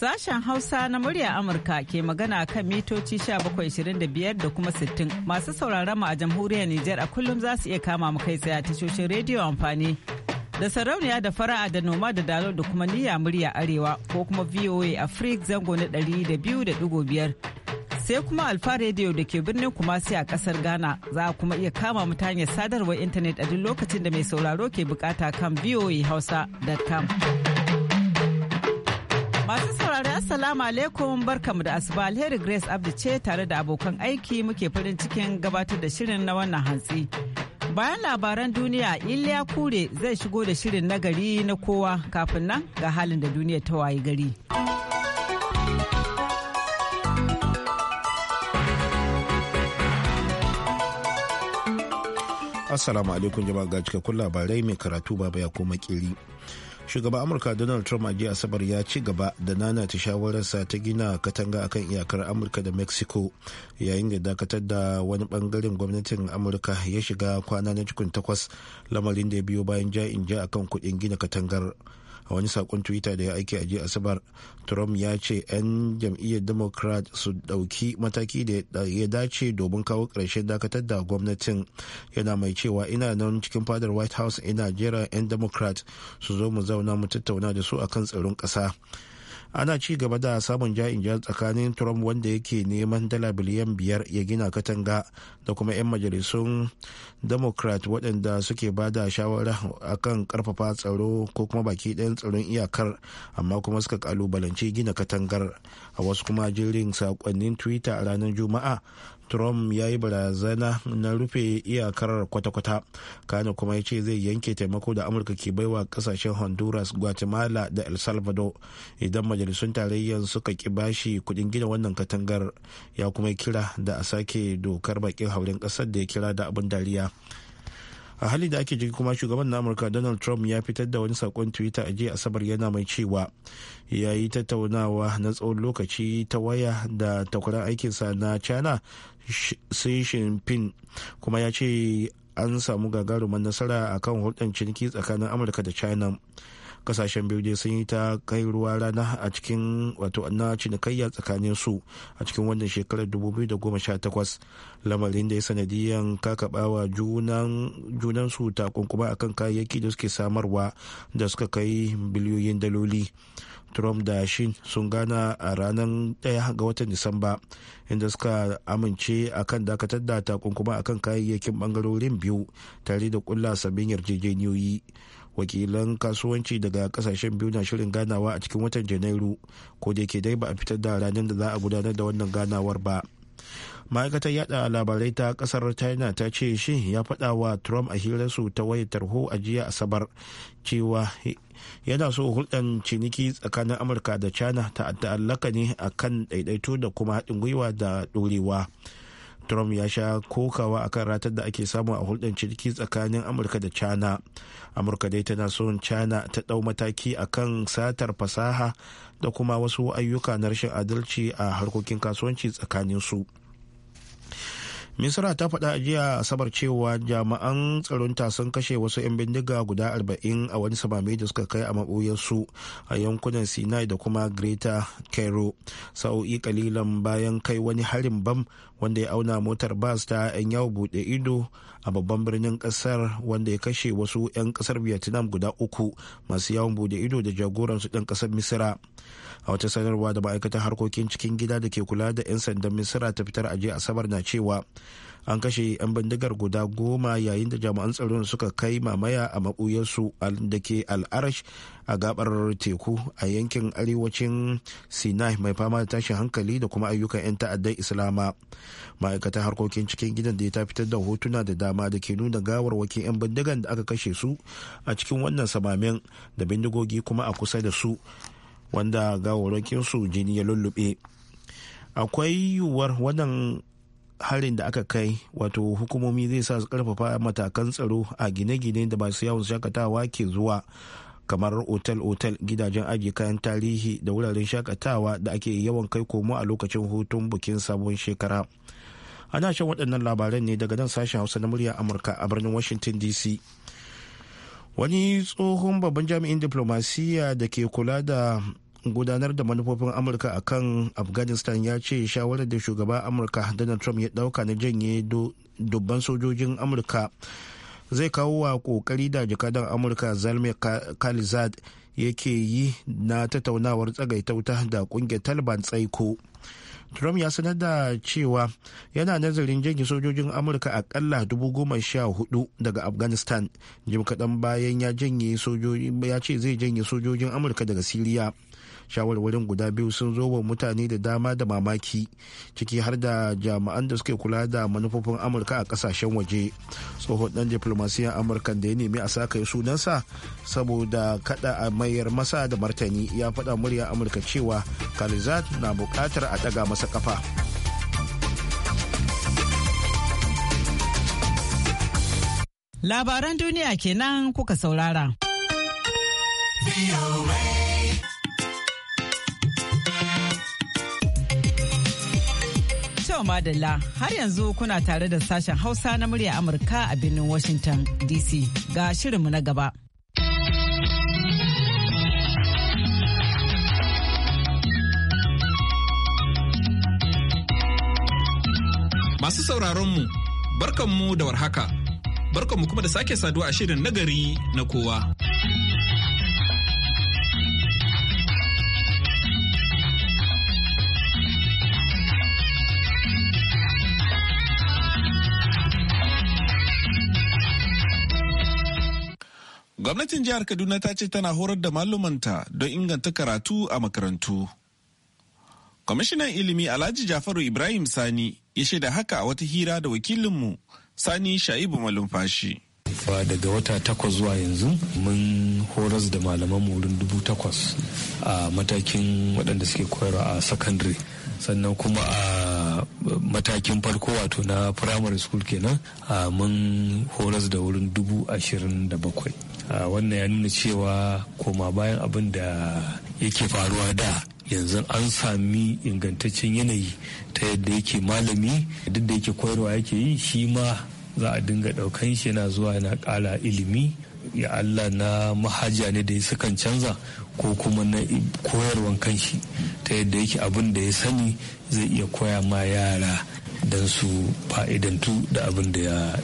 Sashen Hausa na murya Amurka ke magana kan mitoci 1725 da kuma 60 masu sauraron mu a jamhuriyar Nijar a kullum za su iya kama mu kai tsaye a tashoshin rediyo amfani da sarauniya da fara'a da noma da dalo da kuma niyya murya arewa ko kuma VOA afrik zango na biyar sai kuma alfa rediyo da ke birnin kumasi a kasar Ghana za a kuma iya kama mu sadarwar intanet a duk lokacin da mai sauraro ke bukata kan voahausa.com. Masu saurari Assalamu alaikum barkamu da asuba alheri Grace Abdu ce tare da abokan aiki muke farin cikin gabatar da shirin na wannan hantsi. Bayan labaran duniya Iliya Kure zai shigo da shirin na gari na kowa kafin nan ga halin da duniya ta wayi gari. Assalamu alaikum jama'a ga cikakkun labarai mai karatu baba ya koma kiri. shugaban amurka donald trump a jiya asabar ya ci gaba da nanata shawararsa ta gina katanga akan iyakar amurka da mexico yayin da dakatar da wani bangaren gwamnatin amurka ya shiga kwana na cikin takwas lamarin da ya biyo bayan ja in ja akan kudin gina katangar a wani sakon twitter da ya aiki a jiya asabar trump ya ce 'yan jam'iyyar democrat su dauki mataki da ya dace domin kawo ƙarshen dakatar da gwamnatin yana mai cewa ina nan cikin fadar white house ina jera 'yan democrat su zo mu zauna mu tattauna da su akan tsaron kasa. ana ci gaba da samun ja'in ja tsakanin trump wanda yake neman dala biliyan biyar ya gina katanga da kuma 'yan majalisun democrat waɗanda suke ba da shawara akan karfafa tsaro ko kuma baki ɗayan tsaron iyakar amma kuma suka kalubalance gina katangar a wasu kuma jirin saƙonnin twitter a ranar juma'a trump ya yi barazana na rufe iyakar kwata-kwata kana kuma ya ce zai yanke taimako da amurka ke baiwa kasashen honduras guatemala da el salvador idan majalisun tarayyar suka ki bashi kudin gina wannan katangar ya kuma kira da a sake dokar bakin hauren kasar da ya kira da abin dariya a hali da ake jiki kuma shugaban na amurka donald trump ya fitar da wani sakon twitter a jiya asabar yana mai cewa ya yi tattaunawa na tsawon lokaci ta waya da takwarar aikinsa na china Xi fin kuma ya ce an samu gagarumar nasara akan kan hulɗar ciniki tsakanin Amurka da China kasashen biyu sun yi ta kai ruwa rana a cikin wato na cinikayya tsakanin su a cikin wannan shekarar 2018 lamarin da ya sanadiyan kakabawa junan su takunkuma akan kayayyaki da suke samarwa da suka kai biliyoyin daloli trump da shin sun gana a ranar 1 ga watan disamba inda suka amince akan dakatar da takunkuma akan kayayyakin bangarorin biyu tare da kulla sabbin yarjejeniyoyi wakilan kasuwanci daga kasashen biyu na shirin ganawa a cikin watan janairu ko da ke dai ba a fitar da ranar da za a gudanar da wannan ganawar ba ma'aikatar yada labarai ta kasar china ta ce shi ya faɗa wa trump a hirar su ta wayar tarho a jiya asabar cewa yana so hulɗan ciniki tsakanin amurka da china ta ta'allaka ne a kan ɗaiɗaito da kuma haɗin gwiwa da ɗorewa trump ya sha kokawa akan ratar da ake samu a hulɗar cirki tsakanin amurka da china amurka dai tana son china ta ɗau mataki akan satar fasaha da kuma wasu ayyuka na rashin adalci a harkokin kasuwanci tsakanin su misra ta faɗa a jiya asabar cewa jami'an tsaronta sun kashe wasu 'yan bindiga guda 40 a wani samami da suka kai a maɓoyarsu a yankunan sinai da kuma greater cairo sa'o'i kalilan bayan kai wani harin bam wanda ya auna motar bas ta 'yan yawo bude ido a babban birnin kasar wanda ya kashe wasu 'yan kasar vietnam guda uku masu yawon bude ido da jagoransu ɗan kasar misira a wata sanarwa da ma'aikatar harkokin cikin gida da ke kula da 'yan sandan misira ta fitar a asabar na cewa an kashe 'yan bindigar guda goma yayin da jami'an tsaron suka kai mamaya a maɓuyarsu da ke al'arash a gabar teku a yankin arewacin sinai mai fama da tashin hankali da kuma ayyukan 'yan ta'addan islama ma'aikatan harkokin cikin gidan da ya ta fitar da hotuna da dama da ke nuna gawar wakil 'yan bindigan da aka kashe su a cikin wannan samamin da bindigogi kuma a kusa da su wanda gawarwakin su jini ya lullube akwai yiwuwar wannan harin da aka kai wato hukumomi zai sa su karfafa matakan tsaro a gine-gine da masu yawon shakatawa ke zuwa kamar otal-otal gidajen ajiye kayan tarihi da wuraren shakatawa da ake yawan kai komo a lokacin hutun bukin sabon shekara ana shan waɗannan labaran ne daga nan sashen hausa na murya amurka a birnin washington dc wani tsohon babban jami'in diplomasiya da ke kula da gudanar da manufofin amurka a kan afghanistan ya ce shawarar da shugaban amurka donald trump ya dauka na janye dubban sojojin amurka zai kawo wa kokari da jakadan amurka zalmi khalizad yake yi na tattaunawar tsagaitauta da kungiyar taliban tsaiko trump ya sanar da cewa yana nazarin jirgin sojojin amurka akalla dubu goma sha hudu daga afghanistan jim kadan bayan ya ya ce zai janye sojojin amurka daga siriya shawarwarin guda biyu sun zo wa mutane da dama da mamaki ciki har da jami'an da suke kula da manufofin amurka a kasashen waje tsohon dan diplomasiyan amurka da ya nemi a sa sunansa saboda kada a mayar masa da martani ya faɗa murya amurka cewa kalizat na bukatar a ɗaga masa kafa. Labaran duniya kenan kuka saurara. madalla har yanzu kuna tare da sashen Hausa na murya Amurka a birnin Washington DC ga shirinmu na gaba. Masu sauraronmu, barkanmu da warhaka, barkanmu kuma da sake saduwa a shirin nagari na kowa. Gwamnatin jihar Kaduna ta ce tana horar da malumanta don inganta karatu a makarantu. Kwamishinan ilimi Alhaji Jafaru Ibrahim Sani ya shaida haka a wata hira da wakilinmu Sani Sha'ibu Malumfashi. daga wata takwas zuwa yanzu mun horas da malaman wurin dubu takwas a matakin waɗanda suke koyarwa a secondary sannan kuma a matakin farko wato na primary school kenan mun horas da wurin dubu ashirin da bakwai Ah, wannan ya nuna cewa koma bayan abin da yake faruwa da yanzu an sami ingantaccen yanayi ta yadda yake malami duk da yake koyarwa yake yi shi ma za a dinga ɗaukan shi yana zuwa yana ƙara ilimi ya Allah na mahaja ne da ya sukan canza ko kuma na koyarwan kanshi ta yadda yake abin da ya sani zai iya koya ma yara don su fa'idantu da abin da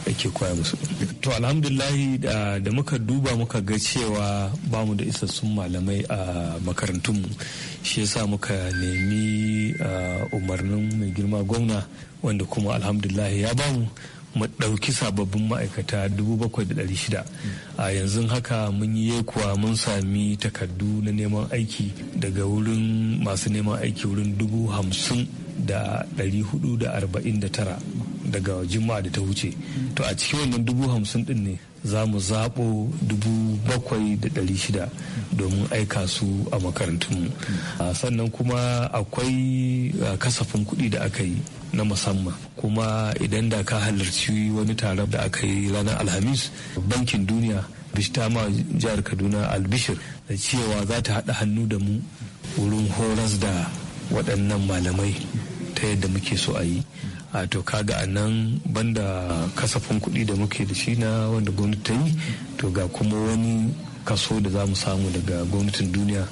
yake koya musu. to alhamdulahi da muka duba muka ga cewa bamu da isassun malamai a makarantunmu shi yasa muka nemi ah, umarnin mai girma gwamna wanda kuma alhamdulahi ya bamu mu ɗauki sababbin ma'aikata 7,600 a yanzu haka mun yi kuwa mun sami takardu na neman aiki daga wurin masu neman aiki wurin 50,449 daga juma'a da ta wuce to a cikin wannan dubu hamsin din ne za mu zaɓo dubu bakwai da shida domin aika su a makarantunmu sannan kuma akwai kasafin kuɗi da aka yi na musamman kuma idan da ka halarci wani taron da aka yi ranar alhamis bankin duniya bishita ma jihar kaduna albishir da cewa za ta haɗa hannu da mu wurin horas da waɗannan malamai ta yadda muke so a yi a to kaga a nan banda kasafin kuɗi da muke da shi na wanda gwamnati ta yi to ga kuma wani kaso da za mu samu daga gwamnatin duniya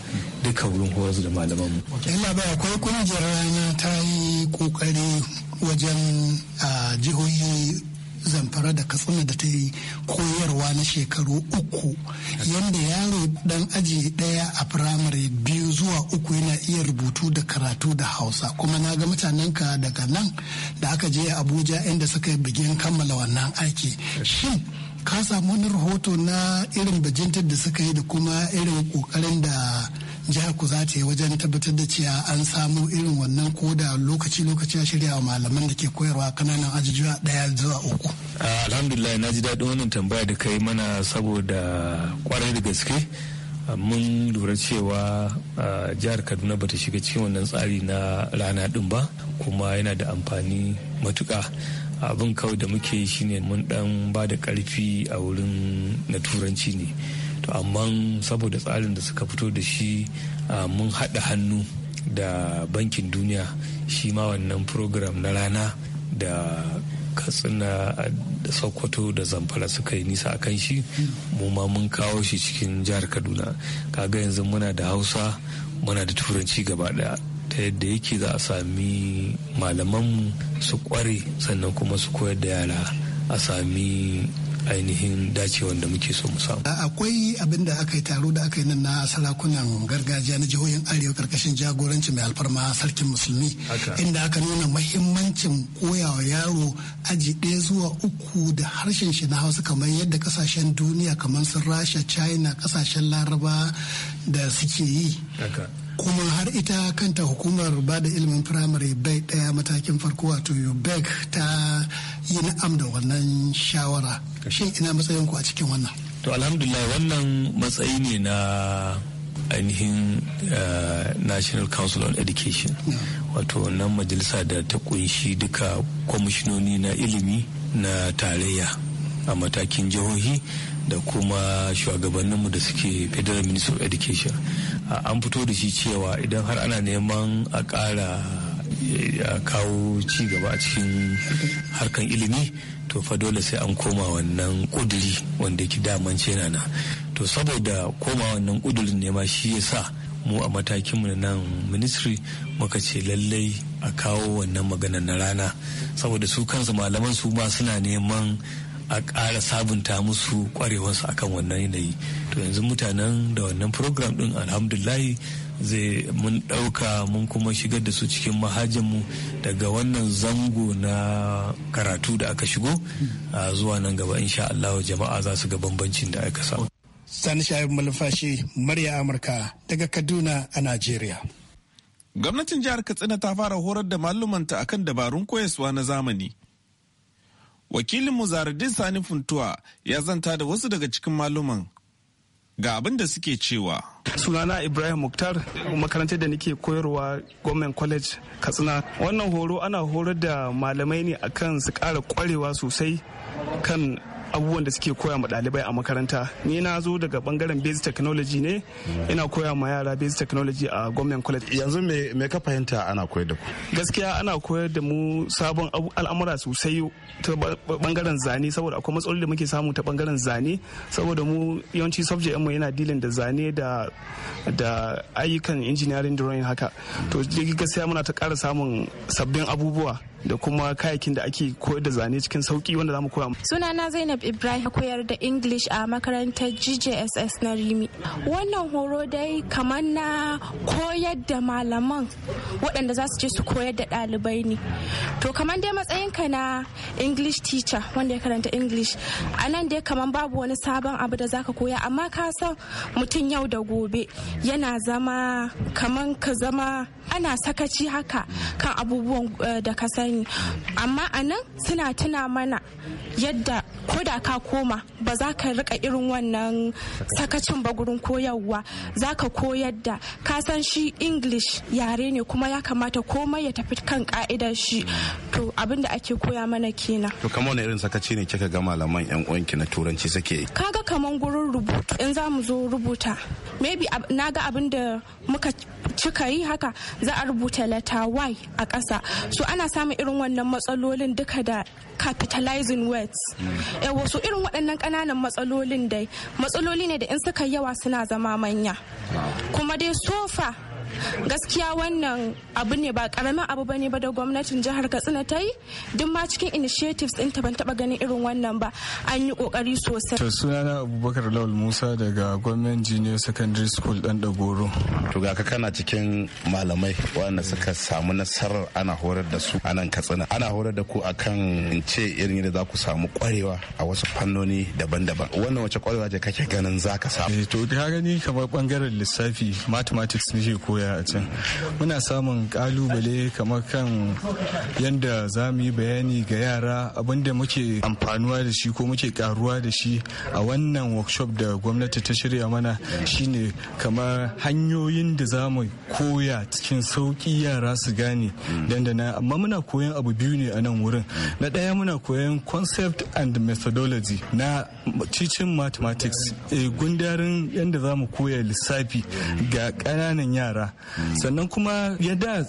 duka wurin horas da malaman mu. Ina ba akwai kungiyar rana ta yi kokari wajen jihohi zamfara da katsina da ta yi koyarwa na shekaru uku yadda yaro dan aji daya a firamare biyu zuwa uku yana iya rubutu da karatu da hausa kuma na ga mutanen ka daga nan da aka je abuja inda suka yi kammala wannan aiki shin ka samu wani rahoto na irin bajintar da suka yi da kuma irin kokarin da jihar ku za ta yi wajen tabbatar da cewa an samu irin wannan koda lokaci-lokaci a shirya wa malaman da ke koyarwa kananan ajujuwa daya zuwa uku. alhamdulillah na ji daɗin wannan tambaya da kai mana saboda kwarai da gaske mun lura cewa jihar kaduna bata shiga cikin wannan tsari na rana ɗin ba kuma yana da amfani matuƙa abin kawai da muke yi shine mun dan ba da karfi a wurin na turanci ne to amma saboda tsarin da suka fito da shi mun haɗa hannu da bankin duniya shi ma wannan program na rana da katsina da sokoto da zamfara suka yi nisa akan shi mu ma mun kawo shi cikin jihar kaduna kaga yanzu muna da hausa muna da turanci gaba daya ta yadda yake za a sami malaman su kware sannan kuma su koyar da yara a sami ainihin dacewan da muke so mu samu. Akwai abin da aka yi taro da aka yi nan na sarakunan gargajiya na jihohin Arewa karkashin jagoranci mai alfarma sarkin musulmi inda aka nuna mahimmancin koyawa yaro aji ɗaya zuwa uku da harshen shi na Hausa kamar yadda kasashen duniya kamar su Rasha, China, kasashen Laraba da suke yi. kuma har ita kanta hukumar ba da ilimin firamare bai daya matakin farko wato bec ta yi na'am da wannan shawara shin ina matsayin ku a cikin wannan to alhamdulillah wannan matsayi ne na ainihin eh, national council on education wato wannan majalisa da ta kunshi duka kwamishinoni na ilimi na tarayya a matakin jihohi da kuma shugabanninmu da suke federal minister of education an fito da shi cewa idan har ana neman a ƙara eh, kawo ci gaba a cikin harkan ilimi to fa dole sai an koma wannan kuduri wanda yake daman cena na to saboda koma wannan kudurin ne ma shi ya sa mu a matakinmu na nan ministry muka ce lallai a kawo wannan magana na rana saboda su kansu malaman su ma suna neman a ƙara sabunta musu kwarewarsu akan wannan yanayi to yanzu mutanen da wannan program din alhamdulahi zai mun ɗauka mun kuma shigar da su cikin mahajinmu daga wannan zango na karatu da aka shigo a zuwa nan gaba insha Allah jama'a za su ga bambancin da aka samu. Sani Shaibu Malfashi, murya Amurka daga Kaduna a Najeriya. Gwamnatin jihar Katsina ta fara horar da malumanta akan dabarun koyaswa na zamani wakilin mu muzaradin sani funtuwa ya zanta da wasu daga cikin maluman ga abin da suke cewa sunana ibrahim muktar makarantar da nake koyarwa gwamnan college katsina wannan horo ana horar da malamai ne akan su kara kwarewa sosai kan abubuwan da suke koya ma ɗalibai a makaranta ni na zo daga bangaren basic technology ne ina koya ma yara basic technology a Gwamnan college yanzu me ka fahimta ana koyar da ku gaskiya ana koyar da mu sabon al'amura sosai ta bangaren zane saboda akwai matsaloli da muke samu ta bangaren zane saboda mu yawanci subject mu yana dealing da zane da da ayyukan engineering drawing haka to gaskiya muna ta ƙara samun sabbin abubuwa da kuma kayayyakin da ake koyar da zane cikin sauki wanda za mu koya sunana zainab ibrahim koyar da english a makarantar gjss na rimi wannan horo dai kamar na koyar da malaman waɗanda za su je su koyar da ɗalibai ne to kamar dai matsayinka na english teacher wanda ya karanta english a nan dai kamar babu wani sabon abu da zaka koya amma ka san mutum yau da gobe yana zama kamar ka zama ana sakaci haka kan abubuwan eh, da ka sani ne amma a nan suna tuna mana yadda ko da ka koma ba za ka rika irin wannan sakacin ba gurin koyarwa za ka koyar da ka san shi english yare ne kuma ya kamata komai ya tafi kan ka'idar shi to abin da ake koya mana kenan to kamar wani irin sakaci ne kika ga malaman yan uwanki na turanci suke kaga kamar gurin rubutu in za mu zo rubuta maybe na ga abin da muka cika yi haka za a rubuta leta y a ƙasa so ana samun irin wannan matsalolin duka da capitalizing words e mm. wasu irin waɗannan ƙananan matsalolin dai matsaloli ne da in suka yawa suna zama manya kuma dai sofa gaskiya wannan abu ne ba karamin abu ba ne ba da gwamnatin jihar katsina ta yi duk ma cikin initiatives din ta ban taba ganin irin wannan ba an yi kokari sosai to na abubakar lawal musa daga gwamnan junior secondary school dan dagoro to ga ka kana cikin malamai wanda suka samu nasarar ana horar da su a nan katsina ana horar da ku akan in ce irin yadda za ku samu kwarewa a wasu fannoni daban-daban wannan wace kwarewa ce kake ganin za ka samu eh, to ka gani kamar bangaren lissafi mathematics ke koya koya a can muna samun kalubale kamar kan yadda za mu yi bayani ga yara abinda muke amfanuwa da shi ko muke karuwa da shi a wannan workshop da gwamnati ta shirya mana shine kamar hanyoyin da za mu koya cikin sauki yara su gane dandana amma muna koyan abu biyu ne a nan wurin na ɗaya muna koyan concept and methodology na teaching mathematics eh, gundarin yadda za mu koya lissafi ga ƙananan yara sannan kuma yadda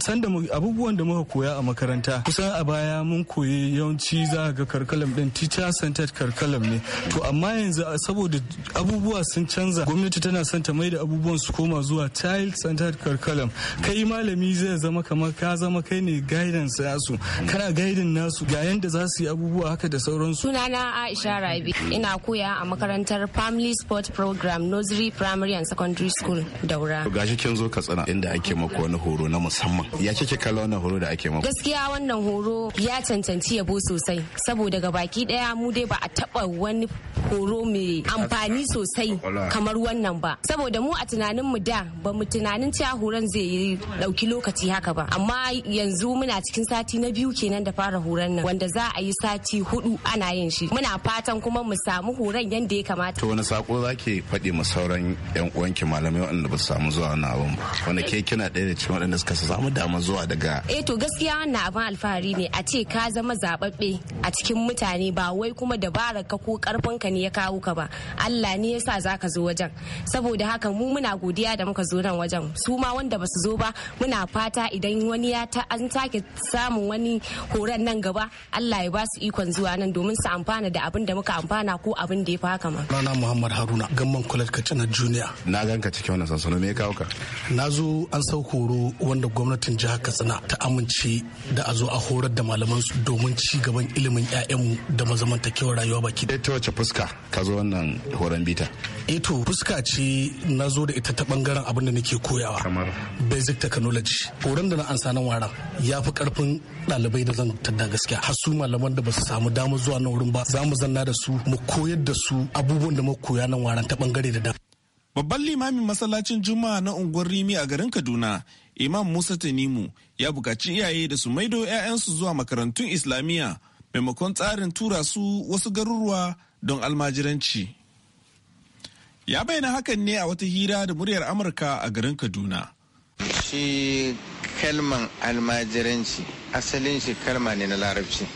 sanda abubuwan da muka koya a makaranta kusan a baya mun koyi yawanci za ga karkalam din teacher centered karkalam ne to amma yanzu saboda abubuwa sun canza gwamnati tana son ta mai da abubuwan su koma zuwa child centered karkalam kai malami zai zama kamar ka zama kai ne guidance nasu kana guiding nasu ga yanda za su yi abubuwa haka da sauransu sunana Aisha Rabi ina koya a makarantar Family Sport Program Nursery Primary and Secondary School Daura kin zo katsina inda ake mako wani horo na musamman ya kike kalla wannan horo da ake mako gaskiya wannan horo ya cancanci yabo sosai saboda ga baki daya mu dai ba a taba wani horo mai amfani sosai kamar wannan ba saboda mu a tunanin mu da ba mu tunanin cewa horon zai yi dauki lokaci haka ba amma yanzu muna cikin sati na biyu kenan da fara horon nan wanda za a yi sati hudu ana yin shi muna fatan kuma mu samu horon yadda ya kamata to wani sako zaki faɗi ma sauran yan uwanki malamai waɗanda ba su samu zuwa na abin ba wanda ke kina ɗaya da cikin waɗanda suka samu damar zuwa daga eh to gaskiya wannan abin alfahari ne a ce ka zama zababbe a cikin mutane ba wai kuma dabarar ka ko karfin ka ne ya kawo ka ba Allah ne ya yasa zaka zo wajen saboda haka mu muna godiya da muka zo nan wajen su ma wanda basu zo ba muna fata idan wani ya ta an take samun wani horon nan gaba Allah ya ba su ikon zuwa nan domin su amfana da abin da muka amfana ko abin da ya fi haka ma. Rana Muhammad Haruna gamman kulat ka na Na ganka cikin wannan sansano me ya kawo ka? na zo an sau horo wanda gwamnatin jihar katsina ta amince da a zo a horar da malaman su domin ci gaban ilimin 'ya'yanmu da mazamantakewar rayuwa baki da eh, ta wace fuska ka zo wannan horon bita Eto eh fuska ce na zo da ita ta bangaren abin da nake koyawa basic technology horon da na ansa nan waran ya fi karfin ɗalibai da zan tadda gaskiya har su malaman da ba su samu damar zuwa nan wurin ba za mu zanna da su mu koyar da su abubuwan da mu koya nan waran ta bangare da dama Babban limamin masallacin Juma'a na unguwar Rimi a garin Kaduna, Imam Musa Tanimu, ya buƙaci iyaye da su maido 'ya'yansu zuwa makarantun Islamiyya maimakon tsarin tura su wasu garuruwa don almajiranci. Ya bayyana hakan ne a wata hira da muryar Amurka a garin Kaduna. Shi kalman almajiranci asalin shi kalma ne na larabci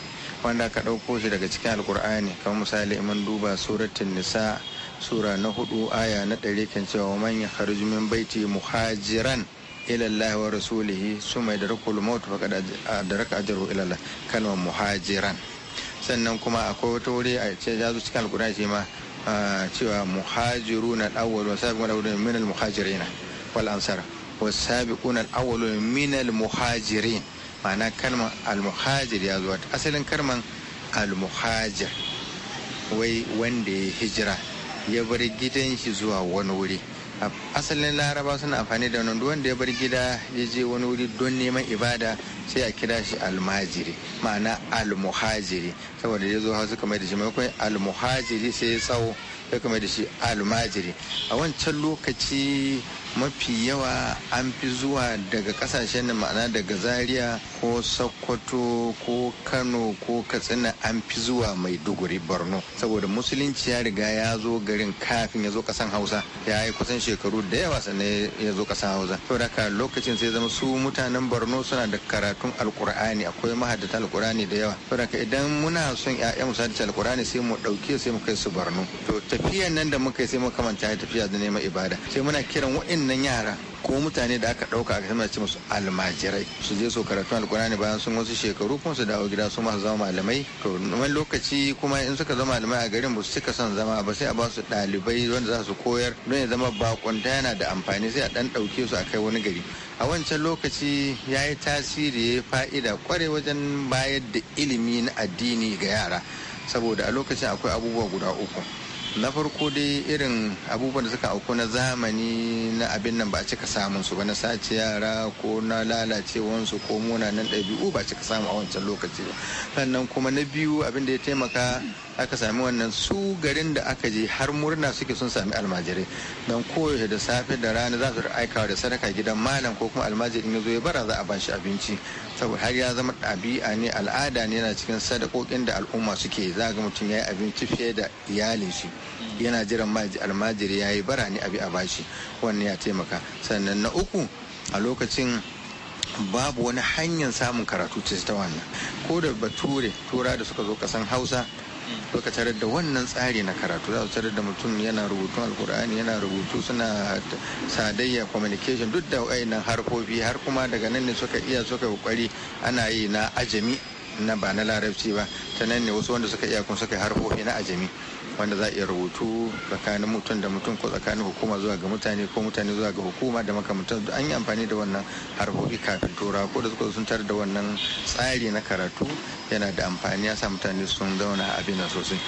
wanda ka ɗauko shi daga cikin alkur'ani kamar misali iman duba suratun nisa' sura na hudu aya na ɗari kan cewa man ya kharju baiti muhajiran ila wa rasulihi suma yadraku al-maut faqad adraka ajru ila Allah kalmar muhajiran sannan kuma akwai wata wuri a ce ya zo cikin alkurani ce ma cewa muhajiruna al-awwal wa sabiquna al-awwaluna min al-muhajirina wal ansar wa sabiquna al min al-muhajirin ma'ana kalmar almuhajir muhajir ya zo asalin kalmar almuhajir wai wanda ya hijira ya bar gidan shi zuwa wani wuri asalin laraba suna amfani da wannan wanda ya bar gida ya je wani wuri don neman ibada sai a kira shi almajiri ma'ana almuhajiri saboda ya zo hausa kamar da shi maimakon almuhajiri sai ya tsawo ya kuma da shi almajiri a wancan lokaci mafi yawa an fi zuwa daga kasashen da ma'ana daga zaria ko sokoto ko kano ko katsina an fi zuwa maiduguri borno saboda musulunci ya riga ya zo garin kafin ya zo kasan hausa ya yi kusan shekaru da yawa sannan ya zo kasan hausa saboda haka lokacin sai zama su mutanen borno suna da karatun alkur'ani akwai mahaddata alkur'ani da yawa saboda haka idan muna son 'ya'yan mu haddace alkur'ani sai mu ɗauke sai mu kai su borno to ta. tafiyan nan da muka yi sai muka manta tafiya da neman ibada sai muna kiran wa'annan yara ko mutane da aka dauka aka sama ce musu almajirai su je su karatu alkurani bayan sun wasu shekaru kuma su dawo gida su masu zama malamai to wani lokaci kuma in suka zama malamai a garin ba su cika son zama ba sai a ba su dalibai wanda za su koyar don ya zama bakonta yana da amfani sai a dan dauke su a kai wani gari a wancan lokaci ya yi tasiri ya fa'ida kware wajen bayar da ilimi na addini ga yara saboda a lokacin akwai abubuwa guda uku na farko dai irin abubuwan da suka auku na zamani na abin nan ba a cika samun su ba na sace yara ko na lalacewansu ko munanan ɗabi'u ba a cika samu a wancan lokaci ba sannan kuma na biyu abin da ya taimaka aka sami wannan su garin da aka je har murna suke sun sami almajirai don koyaushe da safe da rana za su aikawa da sadaka gidan malam ko kuma almajirin ya zo ya bara za a bashi abinci saboda har ya zama ɗabi'a ne al'ada ne yana cikin sadakokin da al'umma suke za ga mutum ya yi abinci fiye da iyalin shi yana jiran almajiri ya yi bara ne abi a bashi wannan ya taimaka sannan na uku a lokacin babu wani hanyar samun karatu ce ta wannan ko da bature tura da suka zo kasan hausa to ka tarar da wannan tsari na karatu za su tarar da mutum yana rubutun alkur'ani yana rubutu suna sadayya communication duk da wayannan harkofi har kuma daga nan ne suka iya suka kokari ana yi na ajami na ba na larabci ba ta nan ne wasu wanda suka iya kun suka harfofi na ajami wanda za a iya rubutu tsakanin mutum da mutum ko tsakanin hukuma zuwa ga mutane ko mutane zuwa ga hukuma da makamantan an yi amfani da wannan harfofi kafin tura ko da suka sun tar da wannan tsari na karatu yana da amfani ya sa mutane sun zauna a abin sosai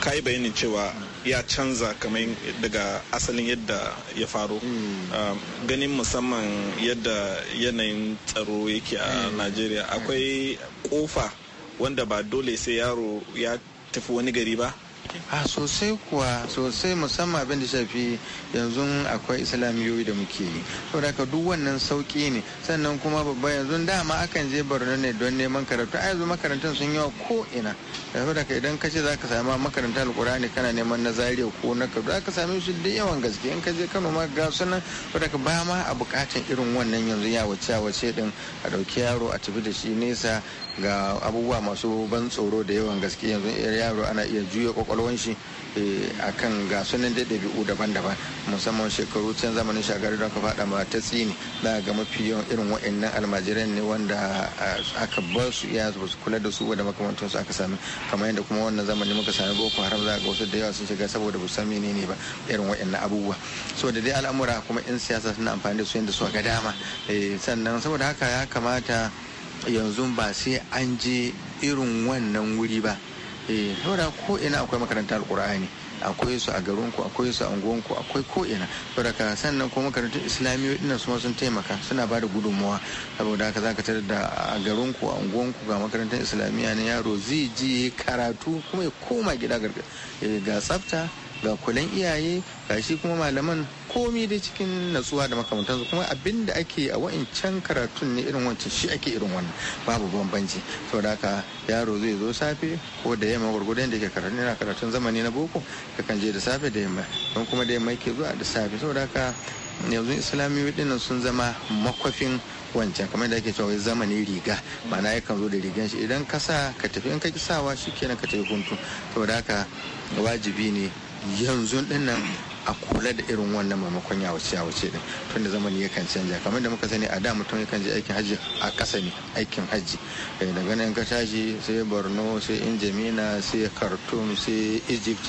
ka yi bayanin cewa ya canza kamar daga asalin yadda ya faru hmm. ah, ganin musamman yadda yanayin tsaro yake a hmm. najeriya akwai kofa wanda ba dole sai yaro ya tafi wani gari ba a sosai kuwa sosai musamman abin da shafi yanzu akwai islamiyoyi da muke yi saboda ka duk wannan sauki ne sannan kuma babba yanzu dama akan je borno ne don neman karatu a yanzu makarantar sun yawa ko ina saboda ka idan ka ce za ka sami makarantar alkurani kana neman na zariya ko na kaduna za ka sami su da yawan gaske in ka je kano ma ga sunan saboda ka ba ma a bukatan irin wannan yanzu ya wace wace din a dauki yaro a tafi da shi nesa ga abubuwa masu ban tsoro da yawan gaske yanzu yaro ana iya juya kwakwalwa kwakwalwan shi eh, a kan gasunan da ɗabi'u daban-daban musamman shekaru can zamanin shagari don ka faɗa ma ta tsini za ga mafi yawan irin wa'annan almajiran ne wanda eh, aka ba su iya su kula da su da makamantar su aka sami kamar yadda kuma wannan zamanin muka sami boko haram za ga wasu da yawa sun shiga saboda ba san menene ba irin wa'annan abubuwa so da dai al'amura kuma 'yan siyasa suna amfani da su yadda su ga dama eh, sannan saboda haka ya kamata yanzu ba sai an je irin wannan wuri ba eh saboda ko ina akwai makarantar alkur'ani akwai su a garinku akwai su a unguwanku akwai ko ina saboda ka sannan ko makarantar islamiyoyi dinnan su sun taimaka suna ba da gudunmuwa saboda haka zaka tarar da a garinku a unguwanku ga makarantar islamiyya na yaro zai je karatu kuma ya koma gida eh, ga tsafta ga kulan iyaye ga shi kuma malaman komi da cikin natsuwa da makamantansu kuma abin da ake a wa'incan karatun ne irin wancan shi ake irin wannan babu bambanci saboda haka yaro zai zo safe ko da yamma gwargwadon da ke karatun yana karatun zamani na boko ka kan je da safe da yamma don kuma da yamma ke zuwa da safe saboda haka yanzu islamiyoyi dinnan sun zama makwafin wancan kamar da ake cewa zamani riga ma'ana yakan zo da rigan shi idan ka sa ka tafi in ka ki sawa shi kenan ka tafi huntu saboda haka wajibi ne yanzu dinnan a kula da irin wannan maimakon yawace wuce din tunda zamani yakan canja kamar da muka sani a da mutum yakan je aikin hajji a ƙasa ne aikin hajji eh, daga nan ka tashi sai borno sai injamina sai khartoum sai egypt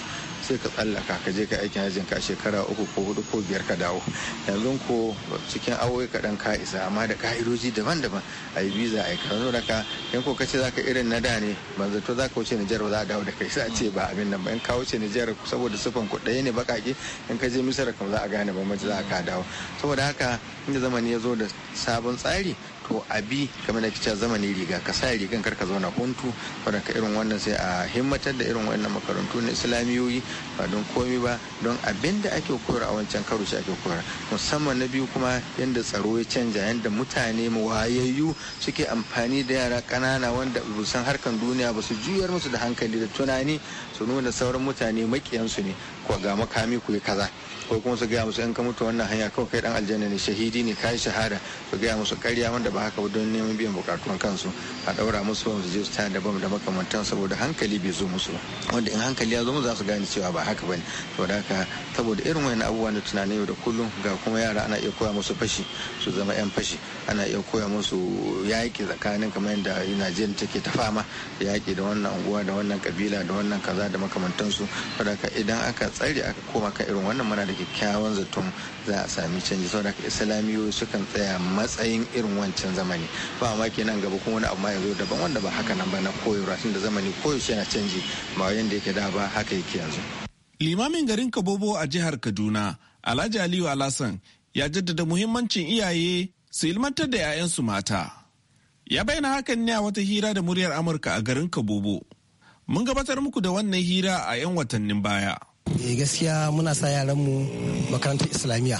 sai ka tsallaka ka je ka aikin hajjin ka shekara uku ko hudu ko biyar ka dawo yanzu ko cikin awoyi kaɗan ka isa amma da ka'idoji daban-daban a yi biza a yi kanu da ka yan ko kace zaka irin na da ne ban zato zaka wuce Nijar ba za a dawo da kai sai a ce ba abin nan ba in ka wuce Nijar saboda sufan ku ne bakaki in ka je Misir kam za a gane ba maji za ka dawo saboda haka inda zamani ya zo da sabon tsari to abi kamar da cewa zamani riga ka sa rigan karka zauna huntu ka irin wannan sai a himmatar da irin wannan makarantu na islamiyoyi ba don komi ba don abin da ake koyar a wancan karo shi ake koyar musamman na biyu kuma yadda tsaro ya canja yadda mutane mu wayayyu suke amfani da yara kanana wanda busan harkan duniya ba su juyar musu da hankali da tunani su nuna sauran mutane makiyansu ne ko ga makami ku yi kaza ko kuma su gaya musu in ka mutu wannan hanya kawai kai dan aljanna ne shahidi ne kai shahada su gaya musu karya wanda ba haka ba don neman biyan bukatun kansu a daura musu ba su je su tayar da bam da makamantan saboda hankali bai zo musu wanda in hankali ya zo musu za su gane cewa ba haka bane da haka saboda irin wannan abubuwa na tunani yau da kullum ga kuma yara ana iya koya musu fashi su zama yan fashi ana iya koya musu yaki tsakanin kamar yadda Najeriya take ta fama yaƙi da wannan unguwa da wannan kabila da wannan kaza da makamantansu da haka idan aka tsare aka koma kan irin wannan muna da kyakkyawan zaton za a sami canji saboda islamiyoyi sukan tsaya matsayin irin wancan zamani ba ma nan gaba kuma wani abu ma yanzu daban wanda ba haka nan ba na koyarwa tun da zamani koyaushe yana canji ba yanda yake da ba haka yake yanzu. limamin garin kabobo a jihar kaduna alhaji aliyu alasan ya jaddada muhimmancin iyaye su ilmantar da 'ya'yansu mata ya bayyana hakan ne a wata hira da muryar amurka a garin kabobo mun gabatar muku da wannan hira a 'yan watannin baya eh gaskiya muna sa yaranmu makarantar islamiyya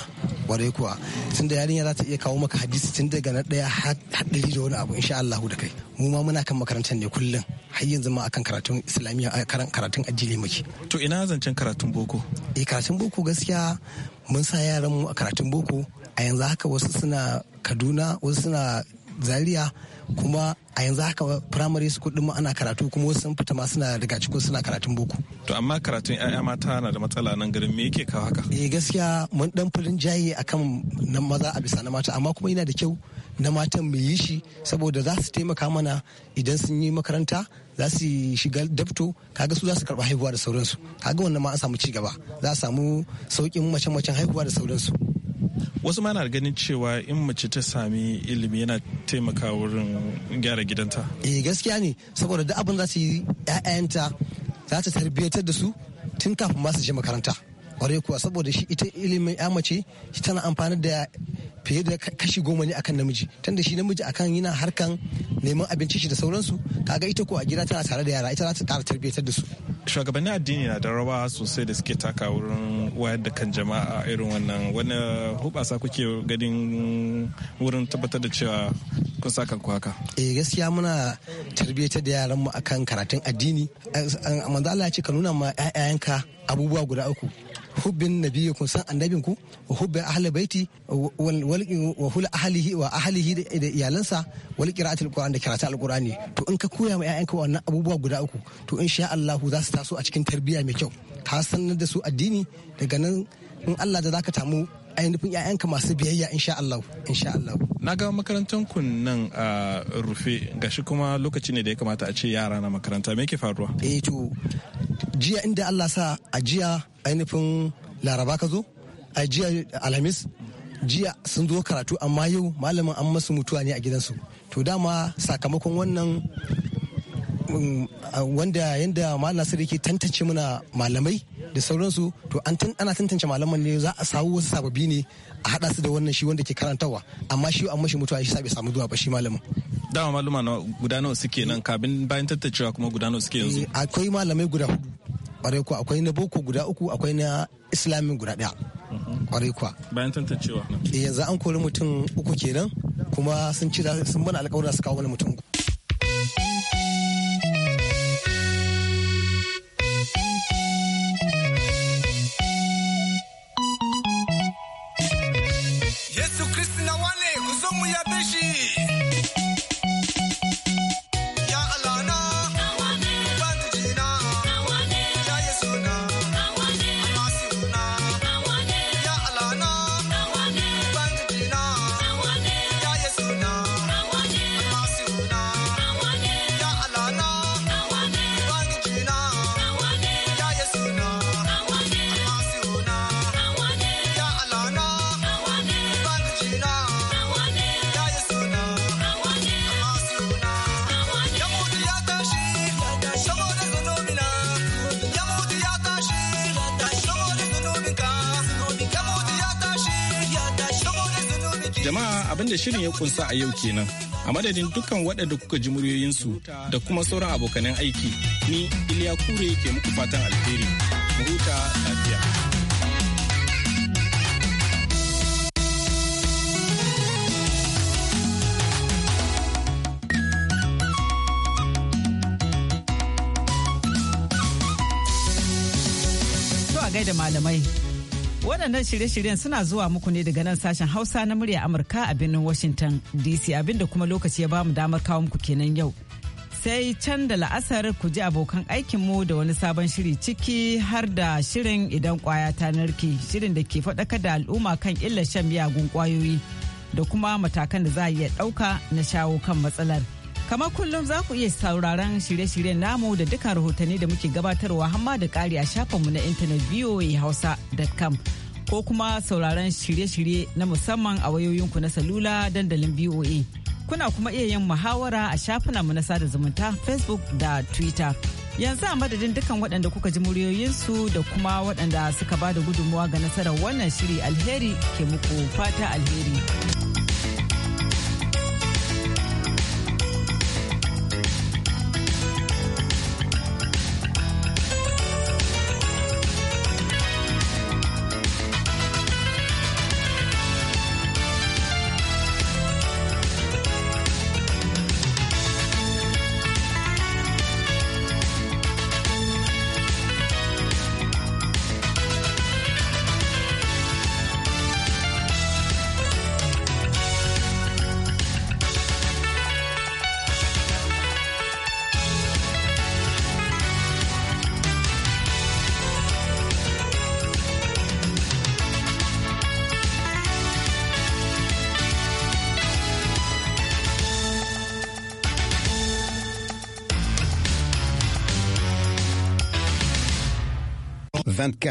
kwarai kuwa tun da yarinya za ta iya kawo maka hadisi tun daga na daya haɗari da wani abu insha Allahu da kai mu ma muna kan makarantar ne kullum har yanzu ma akan karatun islamiyya karatun addini muke to ina zancen karatun boko eh karatun boko gaskiya mun sa yaran mu a karatun boko a yanzu haka wasu suna Kaduna wasu suna zaria kuma a yanzu haka primary school din ana karatu kuma wasu sun fita ma suna daga cikin suna karatun boko to amma karatun yaya mata na da matsala nan garin me yake kawo haka eh gaskiya mun dan furin jaye akan nan maza a bisa na mata amma kuma yana da kyau na matan mu yi shi saboda za su taimaka mana idan sun yi makaranta za su shiga dafto kaga su za su karba haihuwa da sauransu kaga wannan ma an samu ci gaba za a samu sauƙin mace-macen haihuwa da sauransu wasu ma na ganin cewa in mace ta sami ilimi yana taimaka wurin gyara gidanta eh gaskiya ne saboda duk abin za su yi 'ya'yanta za ta tarbiyyatar da su tun kafin ma su je makaranta kwarai kuwa saboda shi ita ilimin ya mace tana amfani da fiye da kashi goma ne akan namiji tunda shi namiji akan yana harkan neman abinci shi da sauransu kaga ita ko a gida tana tare da yara ita za ta kara tarbiyyar da su shugabannin addini na da rawa sosai da suke taka wurin wayar da kan jama'a irin wannan wani hubasa kuke ganin wurin tabbatar da cewa kun saka ku haka eh gaskiya muna tarbiyyar da yaran mu akan karatun addini manzo Allah ya ce ka nuna ma 'ya'yanka abubuwa guda uku hubbin nabiyyu kun san annabin ku wa hubbi ahli baiti wa hula ahlihi wa ahlihi da iyalansa wal qira'atul qur'an da karatu alqur'ani to in ka koya ma ƴaƴanka wannan abubuwa guda uku to insha Allah za su taso a cikin tarbiyya mai kyau ka sanar da su addini daga nan in Allah da zaka tamu ainihin 'ya'yanka masu biyayya insha Allah insha Allah na ga makarantar kun nan a rufe gashi kuma lokaci ne da ya kamata a ce yara na makaranta me ke faruwa eh to jiya inda Allah sa a jiya ainihin laraba ka zo a jiya alhamis jiya sun zo karatu amma yau malamin an masu mutuwa ne a gidansu to dama sakamakon wannan mm, wanda yadda malam nasiru yake tantance mana malamai da sauransu to an ana tantance malaman ne za a samu wasu sababbi ne a haɗa su da wannan shi wanda ke karantarwa amma shi an mashi mutuwa shi sabe samu zuwa ba shi malamin dama maluma na guda nawa suke nan kabin bayan tattacewa kuma guda nawa suke yanzu eh, akwai malamai guda hudu kwarai kuwa akwai na boko guda uku akwai na islamin guda daya mhm. kwarai kuwa bayan tantancewa eh, yanzu an kori mutum uku kenan kuma sun cira sun bana alƙawarin su kawo wani mutum uku da shirin ya kunsa a yau kenan. A madadin dukkan waɗanda kuka ji muryoyinsu da kuma sauran abokanan aiki, ni Iliya Kure ke muku fatan alheri. Mu huta lafiya. gaida malamai Waɗannan shirye-shiryen suna zuwa muku ne daga nan sashen Hausa na murya Amurka a birnin Washington DC abinda kuma lokaci ya bamu damar kawo muku kenan yau. Sai can da la'asar ku ji abokan aikinmu da wani sabon shiri ciki har da shirin idan kwaya ta narke shirin da ke faɗaka da al'umma kan illar shan miyagun kwayoyi da kuma matakan da za a iya ɗauka na shawo kan matsalar. Kamar kullum za ku iya sauraron shirye-shiryen namu da dukkan rahotanni da muke gabatarwa hamma da ƙari a shafinmu na intanet voahausa.com ko kuma sauraron shirye-shirye na musamman a wayoyinku na salula dandalin VOA. Kuna kuma iya yin muhawara a shafinanmu na sada zumunta Facebook da Twitter. Yanzu a madadin dukkan waɗanda kuka ji muryoyinsu da kuma waɗanda suka ba da gudunmuwa ga nasarar wannan shiri alheri ke muku fata alheri. 92